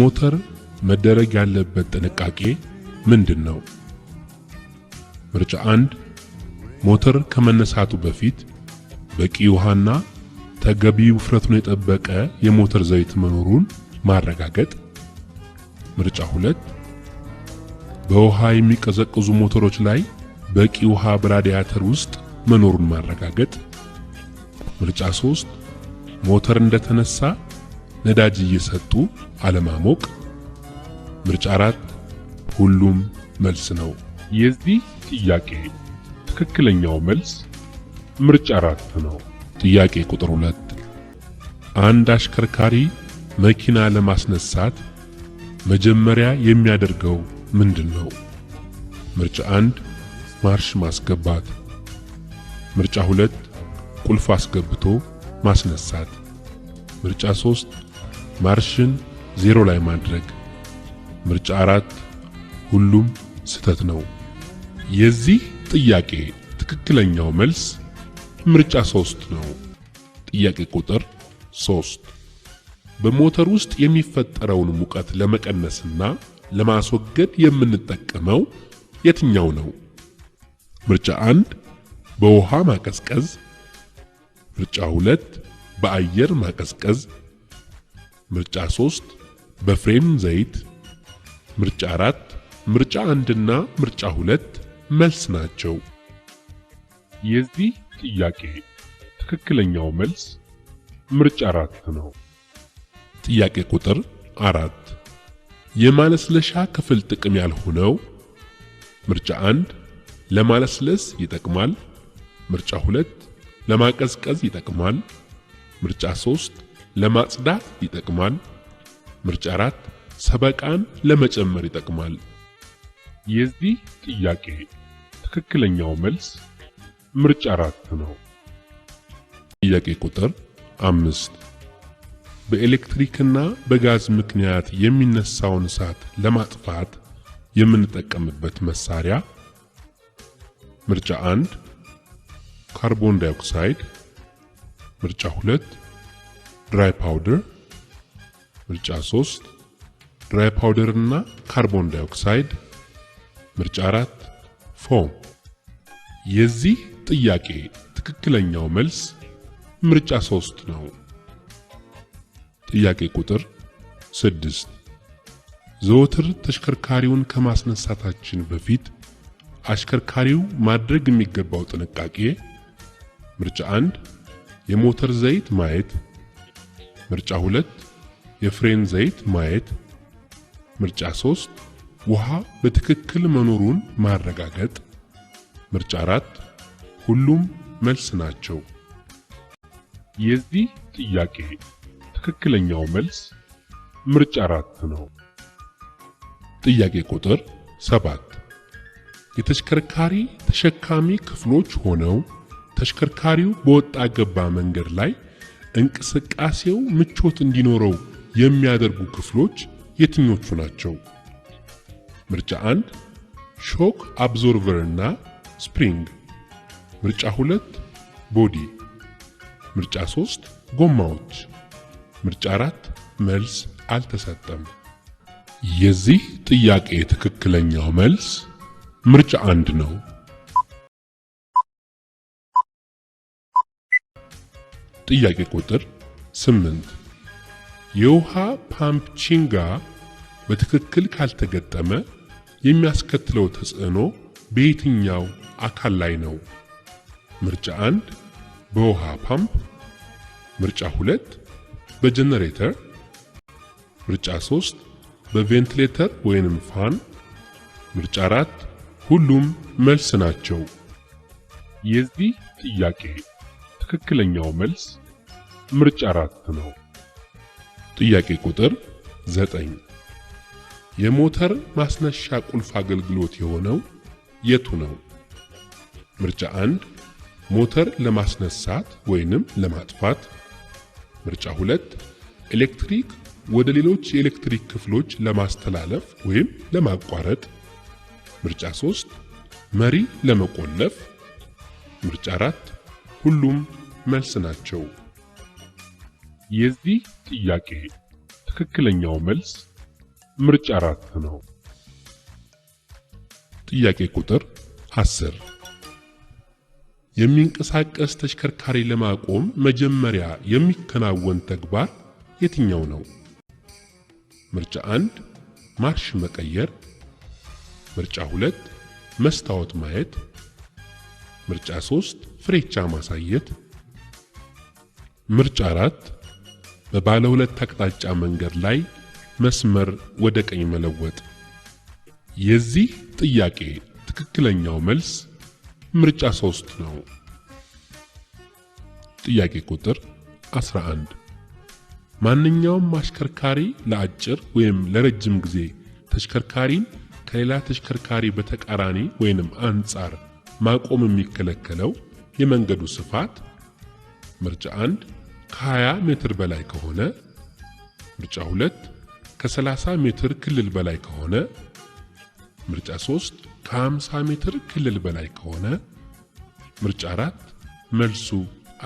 ሞተር መደረግ ያለበት ጥንቃቄ ምንድን ነው? ምርጫ አንድ ሞተር ከመነሳቱ በፊት በቂ ውሃና ተገቢ ውፍረቱን የጠበቀ የሞተር ዘይት መኖሩን ማረጋገጥ። ምርጫ ሁለት በውሃ የሚቀዘቅዙ ሞተሮች ላይ በቂ ውሃ በራዲያተር ውስጥ መኖሩን ማረጋገጥ። ምርጫ ሶስት ሞተር እንደተነሳ ነዳጅ እየሰጡ አለማሞቅ። ምርጫ አራት ሁሉም መልስ ነው። የዚህ ጥያቄ ትክክለኛው መልስ ምርጫ አራት ነው። ጥያቄ ቁጥር ሁለት አንድ አሽከርካሪ መኪና ለማስነሳት መጀመሪያ የሚያደርገው ምንድን ነው? ምርጫ አንድ ማርሽ ማስገባት፣ ምርጫ ሁለት ቁልፍ አስገብቶ ማስነሳት፣ ምርጫ ሶስት ማርሽን ዜሮ ላይ ማድረግ። ምርጫ አራት ሁሉም ስህተት ነው። የዚህ ጥያቄ ትክክለኛው መልስ ምርጫ ሶስት ነው። ጥያቄ ቁጥር ሶስት በሞተር ውስጥ የሚፈጠረውን ሙቀት ለመቀነስና ለማስወገድ የምንጠቀመው የትኛው ነው? ምርጫ አንድ በውሃ ማቀዝቀዝ፣ ምርጫ ሁለት በአየር ማቀዝቀዝ ምርጫ 3 በፍሬም ዘይት፣ ምርጫ 4 ምርጫ 1 እና ምርጫ 2 መልስ ናቸው። የዚህ ጥያቄ ትክክለኛው መልስ ምርጫ 4 ነው። ጥያቄ ቁጥር 4 የማለስለሻ ክፍል ጥቅም ያልሆነው ምርጫ 1 ለማለስለስ ይጠቅማል። ምርጫ 2 ለማቀዝቀዝ ይጠቅማል። ምርጫ 3 ለማጽዳት ይጠቅማል። ምርጫ አራት ሰበቃን ለመጨመር ይጠቅማል። የዚህ ጥያቄ ትክክለኛው መልስ ምርጫ አራት ነው። ጥያቄ ቁጥር አምስት በኤሌክትሪክና በጋዝ ምክንያት የሚነሳውን እሳት ለማጥፋት የምንጠቀምበት መሳሪያ ምርጫ አንድ ካርቦን ዳይኦክሳይድ፣ ምርጫ ሁለት ድራይ ፓውደር ምርጫ 3 ድራይ ፓውደር እና ካርቦን ዳይኦክሳይድ ምርጫ 4 ፎም። የዚህ ጥያቄ ትክክለኛው መልስ ምርጫ 3 ነው። ጥያቄ ቁጥር 6 ዘወትር ተሽከርካሪውን ከማስነሳታችን በፊት አሽከርካሪው ማድረግ የሚገባው ጥንቃቄ ምርጫ 1 የሞተር ዘይት ማየት ምርጫ 2 የፍሬን ዘይት ማየት፣ ምርጫ 3 ውሃ በትክክል መኖሩን ማረጋገጥ፣ ምርጫ 4 ሁሉም መልስ ናቸው። የዚህ ጥያቄ ትክክለኛው መልስ ምርጫ 4 ነው። ጥያቄ ቁጥር 7 የተሽከርካሪ ተሸካሚ ክፍሎች ሆነው ተሽከርካሪው በወጣ ገባ መንገድ ላይ እንቅስቃሴው ምቾት እንዲኖረው የሚያደርጉ ክፍሎች የትኞቹ ናቸው? ምርጫ 1 ሾክ አብዞርቨር እና ስፕሪንግ፣ ምርጫ 2 ቦዲ፣ ምርጫ 3 ጎማዎች፣ ምርጫ 4 መልስ አልተሰጠም። የዚህ ጥያቄ ትክክለኛው መልስ ምርጫ አንድ ነው። ጥያቄ ቁጥር 8 የውሃ ፓምፕ ቺንጋ በትክክል ካልተገጠመ የሚያስከትለው ተጽዕኖ በየትኛው አካል ላይ ነው? ምርጫ 1 በውሃ ፓምፕ፣ ምርጫ 2 በጀነሬተር፣ ምርጫ 3 በቬንቲሌተር ወይንም ፋን፣ ምርጫ 4 ሁሉም መልስ ናቸው። የዚህ ጥያቄ ትክክለኛው መልስ ምርጫ አራት ነው። ጥያቄ ቁጥር 9 የሞተር ማስነሻ ቁልፍ አገልግሎት የሆነው የቱ ነው? ምርጫ 1 ሞተር ለማስነሳት ወይንም ለማጥፋት። ምርጫ 2 ኤሌክትሪክ ወደ ሌሎች የኤሌክትሪክ ክፍሎች ለማስተላለፍ ወይም ለማቋረጥ። ምርጫ 3 መሪ ለመቆለፍ። ምርጫ 4 ሁሉም መልስ ናቸው። የዚህ ጥያቄ ትክክለኛው መልስ ምርጫ አራት ነው። ጥያቄ ቁጥር 10 የሚንቀሳቀስ ተሽከርካሪ ለማቆም መጀመሪያ የሚከናወን ተግባር የትኛው ነው? ምርጫ አንድ ማርሽ መቀየር፣ ምርጫ ሁለት መስታወት ማየት ምርጫ 3 ፍሬቻ ማሳየት። ምርጫ 4 በባለ ሁለት አቅጣጫ መንገድ ላይ መስመር ወደ ቀኝ መለወጥ። የዚህ ጥያቄ ትክክለኛው መልስ ምርጫ 3 ነው። ጥያቄ ቁጥር 11 ማንኛውም አሽከርካሪ ለአጭር ወይም ለረጅም ጊዜ ተሽከርካሪን ከሌላ ተሽከርካሪ በተቃራኒ ወይንም አንጻር ማቆም የሚከለከለው የመንገዱ ስፋት ምርጫ 1 ከ20 ሜትር በላይ ከሆነ፣ ምርጫ 2 ከ30 ሜትር ክልል በላይ ከሆነ፣ ምርጫ 3 ከ50 ሜትር ክልል በላይ ከሆነ፣ ምርጫ 4 መልሱ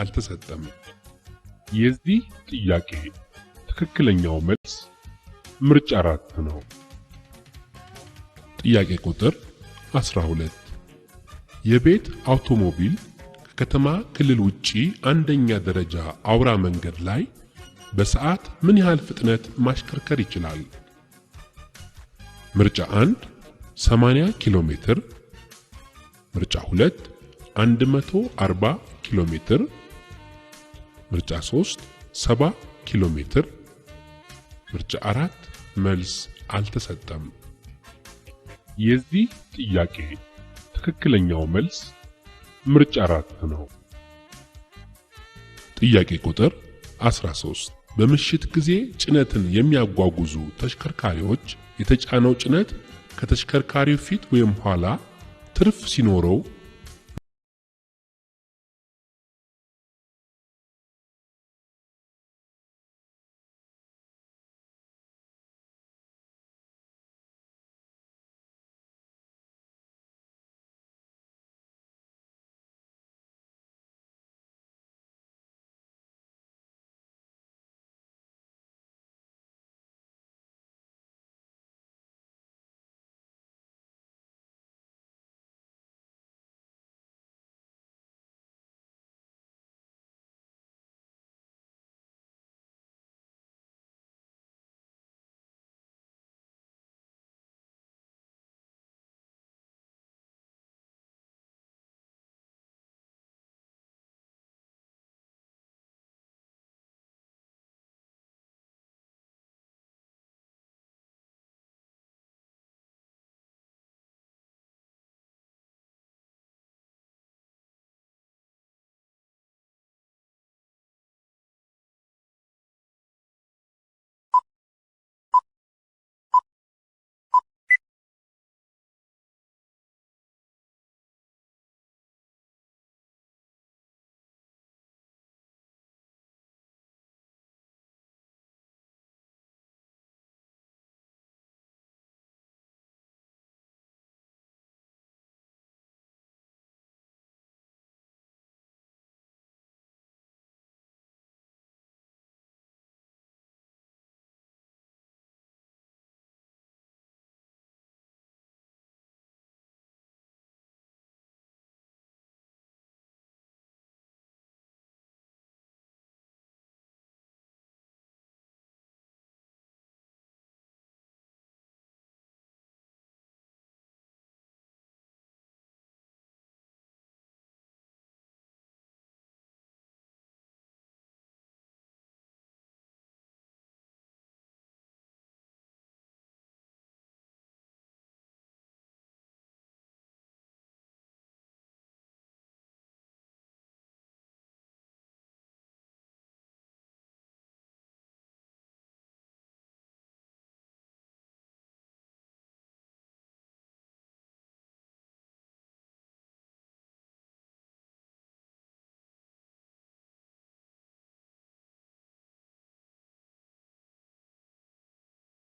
አልተሰጠም። የዚህ ጥያቄ ትክክለኛው መልስ ምርጫ 4 ነው። ጥያቄ ቁጥር 12 የቤት አውቶሞቢል ከከተማ ክልል ውጪ አንደኛ ደረጃ አውራ መንገድ ላይ በሰዓት ምን ያህል ፍጥነት ማሽከርከር ይችላል? ምርጫ 1 80 ኪሎ ሜትር፣ ምርጫ 2 140 ኪሎ ሜትር፣ ምርጫ 3 70 ኪሎ ሜትር፣ ምርጫ 4 መልስ አልተሰጠም። የዚህ ጥያቄ ትክክለኛው መልስ ምርጫ አራት ነው። ጥያቄ ቁጥር 13 በምሽት ጊዜ ጭነትን የሚያጓጉዙ ተሽከርካሪዎች የተጫነው ጭነት ከተሽከርካሪው ፊት ወይም ኋላ ትርፍ ሲኖረው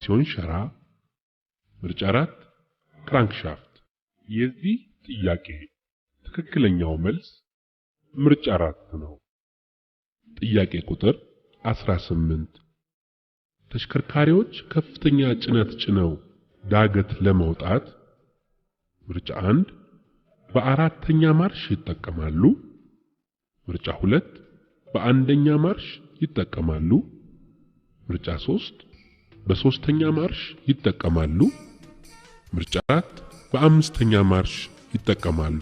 ሲሆን ሸራ። ምርጫ አራት ክራንክሻፍት። የዚህ ጥያቄ ትክክለኛው መልስ ምርጫ አራት ነው። ጥያቄ ቁጥር 18 ተሽከርካሪዎች ከፍተኛ ጭነት ጭነው ዳገት ለመውጣት ምርጫ 1 በአራተኛ ማርሽ ይጠቀማሉ። ምርጫ 2 በአንደኛ ማርሽ ይጠቀማሉ። ምርጫ 3 በሶስተኛ ማርሽ ይጠቀማሉ። ምርጫ አራት በአምስተኛ ማርሽ ይጠቀማሉ።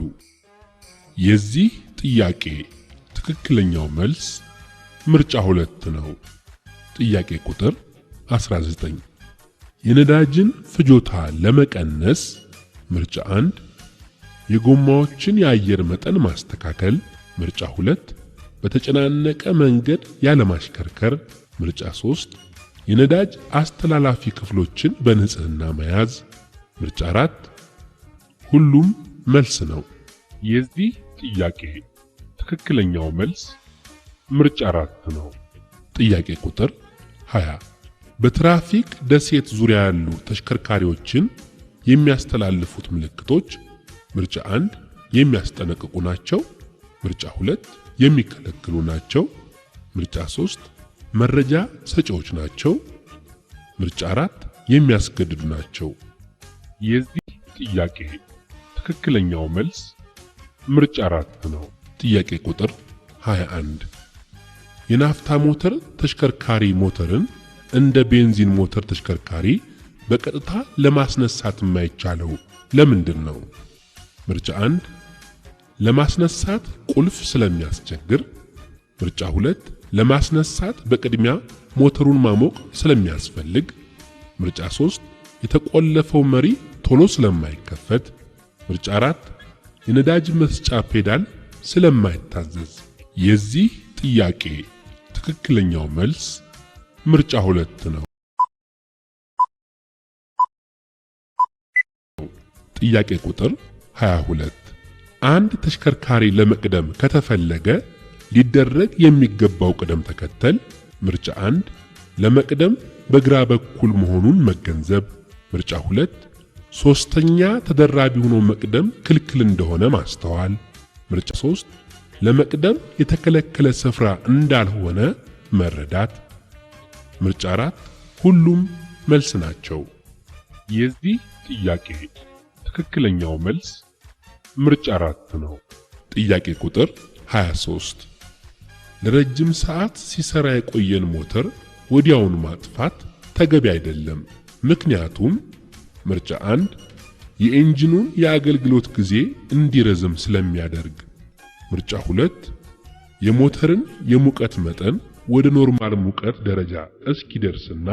የዚህ ጥያቄ ትክክለኛው መልስ ምርጫ ሁለት ነው። ጥያቄ ቁጥር 19 የነዳጅን ፍጆታ ለመቀነስ ምርጫ አንድ የጎማዎችን የአየር መጠን ማስተካከል፣ ምርጫ ሁለት በተጨናነቀ መንገድ ያለማሽከርከር፣ ምርጫ ሶስት የነዳጅ አስተላላፊ ክፍሎችን በንጽህና መያዝ። ምርጫ አራት ሁሉም መልስ ነው። የዚህ ጥያቄ ትክክለኛው መልስ ምርጫ አራት ነው። ጥያቄ ቁጥር 20 በትራፊክ ደሴት ዙሪያ ያሉ ተሽከርካሪዎችን የሚያስተላልፉት ምልክቶች ምርጫ አንድ የሚያስጠነቅቁ ናቸው። ምርጫ ሁለት የሚከለክሉ ናቸው። ምርጫ ሶስት መረጃ ሰጪዎች ናቸው? ምርጫ አራት የሚያስገድዱ ናቸው። የዚህ ጥያቄ ትክክለኛው መልስ ምርጫ አራት ነው። ጥያቄ ቁጥር 21 የናፍታ ሞተር ተሽከርካሪ ሞተርን እንደ ቤንዚን ሞተር ተሽከርካሪ በቀጥታ ለማስነሳት የማይቻለው ለምንድን ነው? ምርጫ አንድ ለማስነሳት ቁልፍ ስለሚያስቸግር፣ ምርጫ ሁለት ለማስነሳት በቅድሚያ ሞተሩን ማሞቅ ስለሚያስፈልግ፣ ምርጫ 3 የተቆለፈው መሪ ቶሎ ስለማይከፈት፣ ምርጫ 4 የነዳጅ መስጫ ፔዳል ስለማይታዘዝ። የዚህ ጥያቄ ትክክለኛው መልስ ምርጫ 2 ነው። ጥያቄ ቁጥር 22 አንድ ተሽከርካሪ ለመቅደም ከተፈለገ ሊደረግ የሚገባው ቅደም ተከተል ምርጫ አንድ ለመቅደም በግራ በኩል መሆኑን መገንዘብ፣ ምርጫ ሁለት ሶስተኛ ተደራቢ ሆኖ መቅደም ክልክል እንደሆነ ማስተዋል፣ ምርጫ ሶስት ለመቅደም የተከለከለ ስፍራ እንዳልሆነ መረዳት፣ ምርጫ አራት ሁሉም መልስ ናቸው። የዚህ ጥያቄ ትክክለኛው መልስ ምርጫ 4 ነው። ጥያቄ ቁጥር 23 ለረጅም ሰዓት ሲሰራ የቆየን ሞተር ወዲያውን ማጥፋት ተገቢ አይደለም። ምክንያቱም ምርጫ አንድ የኢንጂኑን የአገልግሎት ጊዜ እንዲረዝም ስለሚያደርግ፣ ምርጫ ሁለት የሞተርን የሙቀት መጠን ወደ ኖርማል ሙቀት ደረጃ እስኪደርስና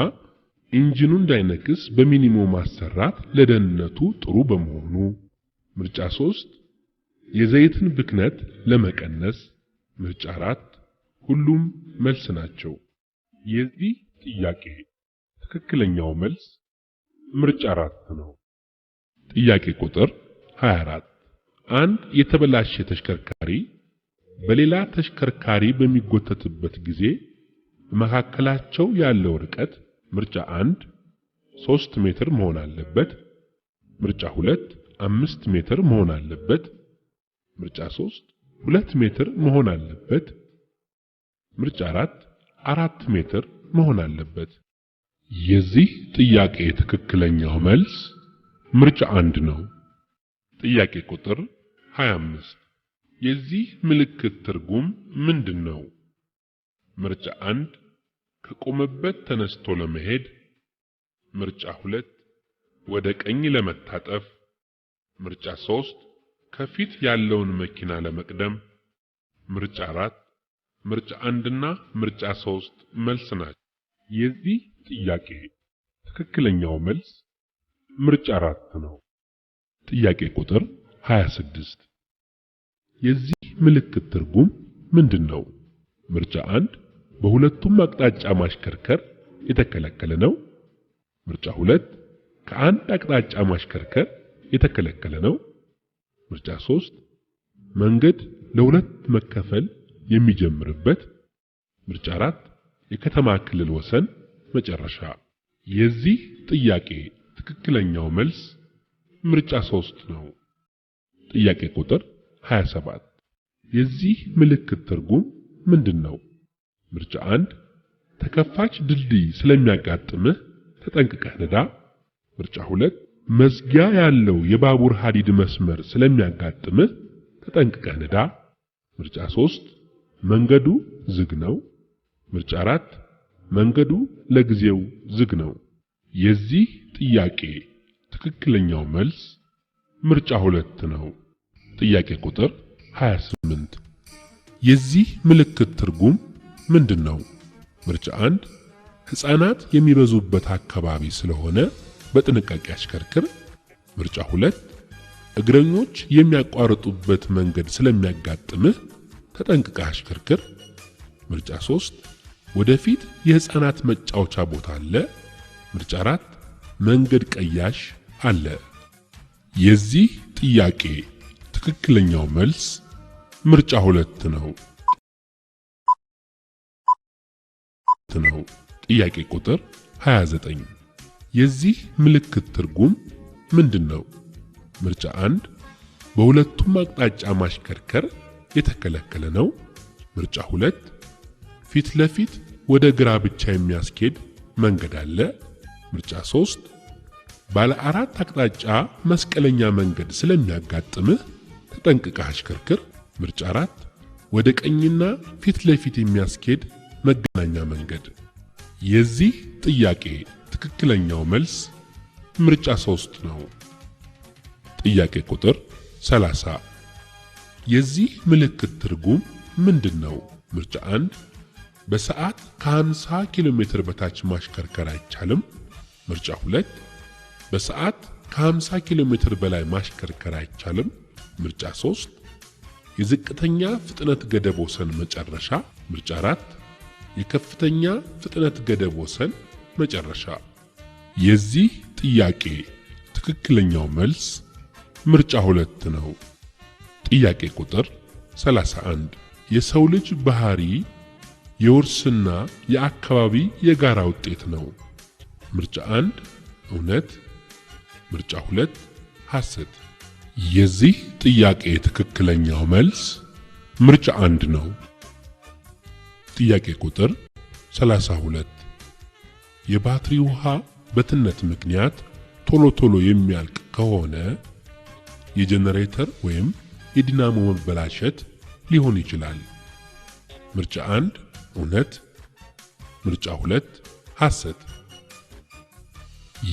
ኢንጂኑ እንዳይነክስ በሚኒሞ ማሰራት ለደህንነቱ ጥሩ በመሆኑ፣ ምርጫ ሶስት የዘይትን ብክነት ለመቀነስ፣ ምርጫ አራት ሁሉም መልስ ናቸው። የዚህ ጥያቄ ትክክለኛው መልስ ምርጫ አራት ነው። ጥያቄ ቁጥር 24 አንድ የተበላሸ ተሽከርካሪ በሌላ ተሽከርካሪ በሚጎተትበት ጊዜ መካከላቸው ያለው ርቀት ምርጫ 1 3 ሜትር መሆን አለበት፣ ምርጫ 2 5 ሜትር መሆን አለበት፣ ምርጫ 3 2 ሜትር መሆን አለበት ምርጫ አራት አራት ሜትር መሆን አለበት። የዚህ ጥያቄ ትክክለኛው መልስ ምርጫ አንድ ነው። ጥያቄ ቁጥር 25 የዚህ ምልክት ትርጉም ምንድን ነው? ምርጫ አንድ ከቆመበት ተነስቶ ለመሄድ፣ ምርጫ ሁለት ወደ ቀኝ ለመታጠፍ፣ ምርጫ ሶስት ከፊት ያለውን መኪና ለመቅደም፣ ምርጫ አራት ምርጫ አንድና ምርጫ ሶስት መልስ ናቸው። የዚህ ጥያቄ ትክክለኛው መልስ ምርጫ አራት ነው። ጥያቄ ቁጥር 26 የዚህ ምልክት ትርጉም ምንድን ነው? ምርጫ አንድ በሁለቱም አቅጣጫ ማሽከርከር የተከለከለ ነው። ምርጫ ሁለት ከአንድ አቅጣጫ ማሽከርከር የተከለከለ ነው። ምርጫ ሶስት መንገድ ለሁለት መከፈል የሚጀምርበት ምርጫ አራት የከተማ ክልል ወሰን መጨረሻ። የዚህ ጥያቄ ትክክለኛው መልስ ምርጫ ሶስት ነው። ጥያቄ ቁጥር 27 የዚህ ምልክት ትርጉም ምንድን ነው? ምርጫ አንድ ተከፋች ድልድይ ስለሚያጋጥምህ ተጠንቅቀህ ንዳ። ምርጫ ሁለት መዝጊያ ያለው የባቡር ሀዲድ መስመር ስለሚያጋጥምህ ተጠንቅቀህ ንዳ። ምርጫ ሶስት መንገዱ ዝግ ነው። ምርጫ አራት መንገዱ ለጊዜው ዝግ ነው። የዚህ ጥያቄ ትክክለኛው መልስ ምርጫ ሁለት ነው። ጥያቄ ቁጥር 28 የዚህ ምልክት ትርጉም ምንድን ነው? ምርጫ አንድ ሕፃናት የሚበዙበት አካባቢ ስለሆነ በጥንቃቄ አሽከርክር። ምርጫ ሁለት እግረኞች የሚያቋርጡበት መንገድ ስለሚያጋጥምህ ተጠንቅቀ አሽከርክር። ምርጫ 3 ወደፊት የህፃናት መጫወቻ ቦታ አለ። ምርጫ 4 መንገድ ቀያሽ አለ። የዚህ ጥያቄ ትክክለኛው መልስ ምርጫ ሁለት ነው ነው። ጥያቄ ቁጥር 29 የዚህ ምልክት ትርጉም ምንድን ነው? ምርጫ 1 በሁለቱም አቅጣጫ ማሽከርከር የተከለከለ ነው። ምርጫ ሁለት ፊት ለፊት ወደ ግራ ብቻ የሚያስኬድ መንገድ አለ። ምርጫ ሶስት ባለ አራት አቅጣጫ መስቀለኛ መንገድ ስለሚያጋጥምህ ተጠንቅቀህ አሽከርክር። ምርጫ አራት ወደ ቀኝና ፊት ለፊት የሚያስኬድ መገናኛ መንገድ። የዚህ ጥያቄ ትክክለኛው መልስ ምርጫ ሶስት ነው። ጥያቄ ቁጥር 30 የዚህ ምልክት ትርጉም ምንድን ነው? ምርጫ 1 በሰዓት ከ50 ኪሎ ሜትር በታች ማሽከርከር አይቻልም። ምርጫ 2 በሰዓት ከ50 ኪሎ ሜትር በላይ ማሽከርከር አይቻልም። ምርጫ 3 የዝቅተኛ ፍጥነት ገደብ ወሰን መጨረሻ። ምርጫ 4 የከፍተኛ ፍጥነት ገደብ ወሰን መጨረሻ። የዚህ ጥያቄ ትክክለኛው መልስ ምርጫ ሁለት ነው። ጥያቄ ቁጥር 31 የሰው ልጅ ባህሪ የውርስና የአካባቢ የጋራ ውጤት ነው። ምርጫ 1 እውነት፣ ምርጫ 2 ሐሰት። የዚህ ጥያቄ ትክክለኛው መልስ ምርጫ 1 ነው። ጥያቄ ቁጥር 32 የባትሪ ውሃ በትነት ምክንያት ቶሎ ቶሎ የሚያልቅ ከሆነ የጄኔሬተር ወይም የዲናሞ መበላሸት ሊሆን ይችላል። ምርጫ 1 እውነት፣ ምርጫ 2 ሐሰት።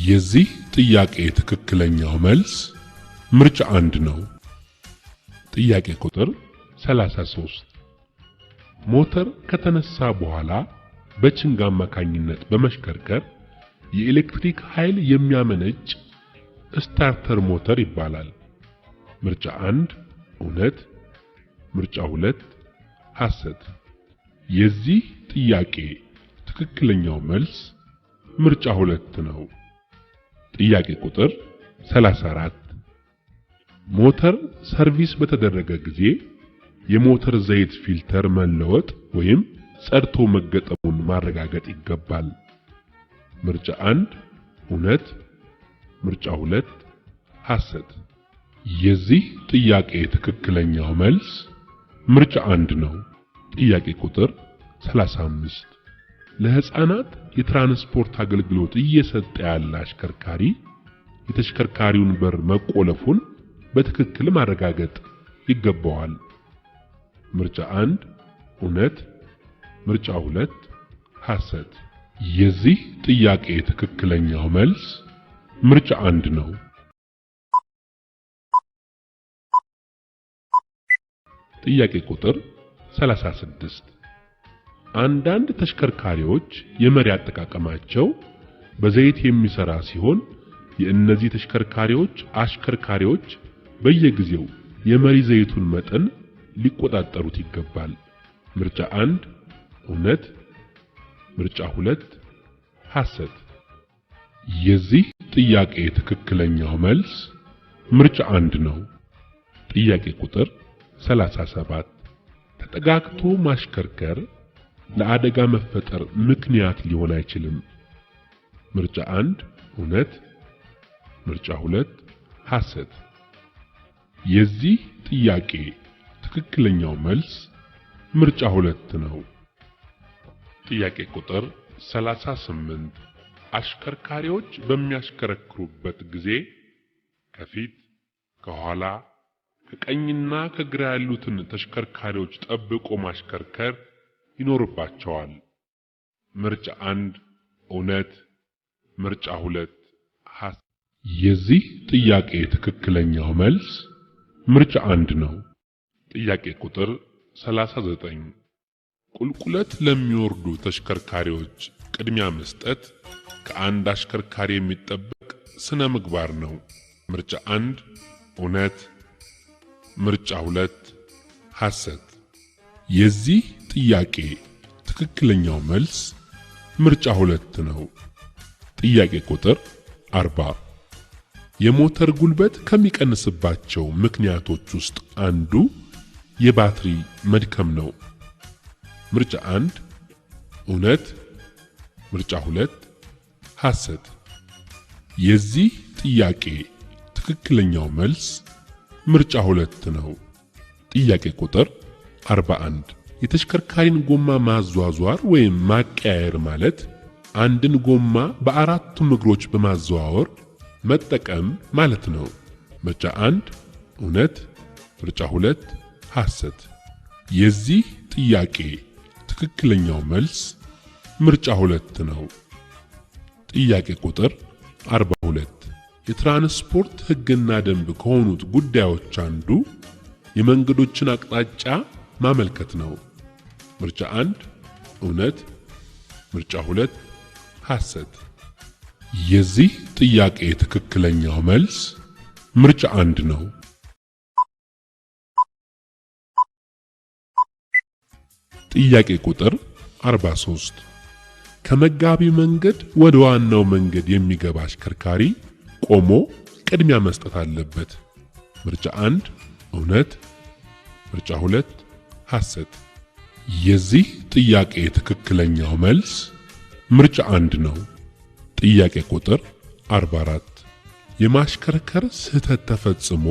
የዚህ ጥያቄ ትክክለኛው መልስ ምርጫ 1 ነው። ጥያቄ ቁጥር 33 ሞተር ከተነሳ በኋላ በችንግ አማካኝነት በመሽከርከር የኤሌክትሪክ ኃይል የሚያመነጭ ስታርተር ሞተር ይባላል። ምርጫ 1 እውነት፣ ምርጫ ሁለት ሐሰት። የዚህ ጥያቄ ትክክለኛው መልስ ምርጫ ሁለት ነው። ጥያቄ ቁጥር 34 ሞተር ሰርቪስ በተደረገ ጊዜ የሞተር ዘይት ፊልተር መለወጥ ወይም ጸድቶ መገጠሙን ማረጋገጥ ይገባል። ምርጫ 1 እውነት፣ ምርጫ ሁለት ሐሰት። የዚህ ጥያቄ ትክክለኛው መልስ ምርጫ አንድ ነው። ጥያቄ ቁጥር 35 ለህፃናት የትራንስፖርት አገልግሎት እየሰጠ ያለ አሽከርካሪ የተሽከርካሪውን በር መቆለፉን በትክክል ማረጋገጥ ይገባዋል። ምርጫ አንድ እውነት፣ ምርጫ ሁለት ሐሰት። የዚህ ጥያቄ ትክክለኛው መልስ ምርጫ አንድ ነው። ጥያቄ ቁጥር 36 አንዳንድ ተሽከርካሪዎች የመሪ አጠቃቀማቸው በዘይት የሚሰራ ሲሆን የእነዚህ ተሽከርካሪዎች አሽከርካሪዎች በየጊዜው የመሪ ዘይቱን መጠን ሊቆጣጠሩት ይገባል። ምርጫ አንድ እውነት፣ ምርጫ ሁለት ሐሰት። የዚህ ጥያቄ ትክክለኛው መልስ ምርጫ አንድ ነው። ጥያቄ ቁጥር 37 ተጠጋግቶ ማሽከርከር ለአደጋ መፈጠር ምክንያት ሊሆን አይችልም። ምርጫ 1 እውነት፣ ምርጫ 2 ሐሰት። የዚህ ጥያቄ ትክክለኛው መልስ ምርጫ 2 ነው። ጥያቄ ቁጥር 38 አሽከርካሪዎች በሚያሽከረክሩበት ጊዜ ከፊት ከኋላ ከቀኝና ከግራ ያሉትን ተሽከርካሪዎች ጠብቆ ማሽከርከር ይኖርባቸዋል። ምርጫ አንድ እውነት፣ ምርጫ ሁለት ሐሰት። የዚህ ጥያቄ ትክክለኛው መልስ ምርጫ አንድ ነው። ጥያቄ ቁጥር 39 ቁልቁለት ለሚወርዱ ተሽከርካሪዎች ቅድሚያ መስጠት ከአንድ አሽከርካሪ የሚጠበቅ ስነ ምግባር ነው። ምርጫ አንድ እውነት ምርጫ ሁለት ሐሰት። የዚህ ጥያቄ ትክክለኛው መልስ ምርጫ ሁለት ነው። ጥያቄ ቁጥር 40 የሞተር ጉልበት ከሚቀንስባቸው ምክንያቶች ውስጥ አንዱ የባትሪ መድከም ነው። ምርጫ አንድ እውነት፣ ምርጫ ሁለት ሐሰት። የዚህ ጥያቄ ትክክለኛው መልስ ምርጫ ሁለት ነው። ጥያቄ ቁጥር 41 የተሽከርካሪን ጎማ ማዟዟር ወይም ማቀያየር ማለት አንድን ጎማ በአራቱም እግሮች በማዘዋወር መጠቀም ማለት ነው። ምርጫ 1 እውነት፣ ምርጫ ሁለት ሐሰት። የዚህ ጥያቄ ትክክለኛው መልስ ምርጫ ሁለት ነው። ጥያቄ ቁጥር 42 የትራንስፖርት ሕግና ደንብ ከሆኑት ጉዳዮች አንዱ የመንገዶችን አቅጣጫ ማመልከት ነው። ምርጫ አንድ እውነት፣ ምርጫ 2 ሐሰት። የዚህ ጥያቄ ትክክለኛው መልስ ምርጫ አንድ ነው። ጥያቄ ቁጥር 43 ከመጋቢ መንገድ ወደ ዋናው መንገድ የሚገባ አሽከርካሪ ቆሞ ቅድሚያ መስጠት አለበት። ምርጫ አንድ እውነት፣ ምርጫ ሁለት ሐሰት። የዚህ ጥያቄ ትክክለኛው መልስ ምርጫ አንድ ነው። ጥያቄ ቁጥር 44 የማሽከርከር ስህተት ተፈጽሞ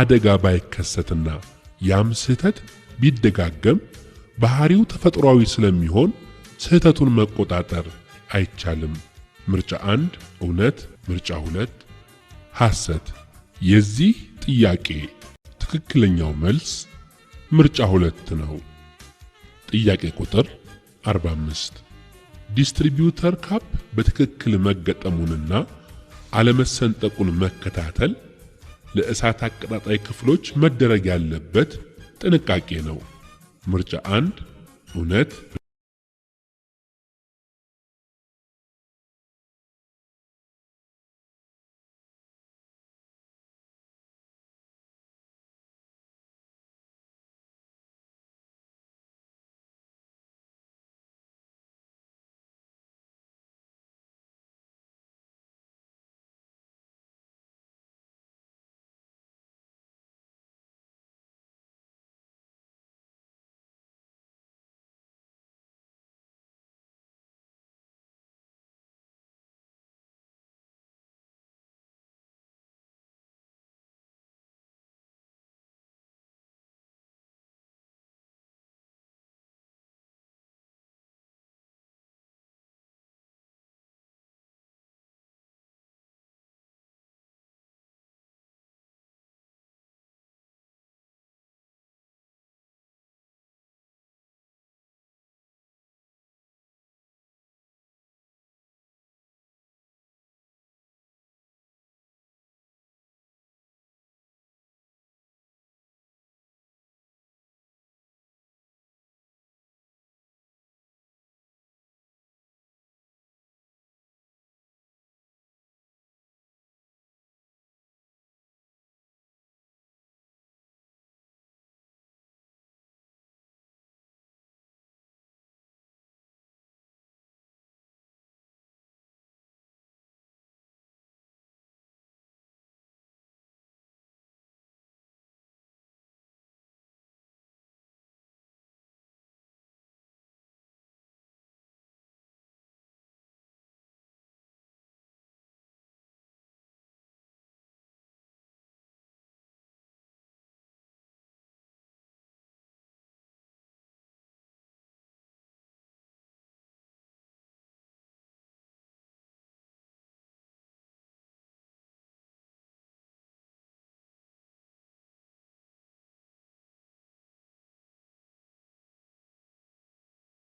አደጋ ባይከሰትና ያም ስህተት ቢደጋገም ባህሪው ተፈጥሯዊ ስለሚሆን ስህተቱን መቆጣጠር አይቻልም። ምርጫ አንድ እውነት፣ ምርጫ ሁለት ሐሰት። የዚህ ጥያቄ ትክክለኛው መልስ ምርጫ ሁለት ነው። ጥያቄ ቁጥር 45 ዲስትሪቢዩተር ካፕ በትክክል መገጠሙንና አለመሰንጠቁን መከታተል ለእሳት አቀጣጣይ ክፍሎች መደረግ ያለበት ጥንቃቄ ነው። ምርጫ አንድ እውነት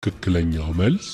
ትክክለኛው መልስ